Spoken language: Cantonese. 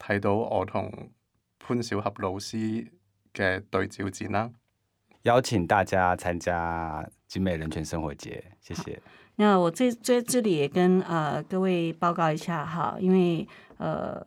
睇到我同潘小俠老師嘅對照展啦！邀請大家參加精美人權生活節，謝謝。好，那我最最這裡也跟啊、呃、各位報告一下哈，因為呃。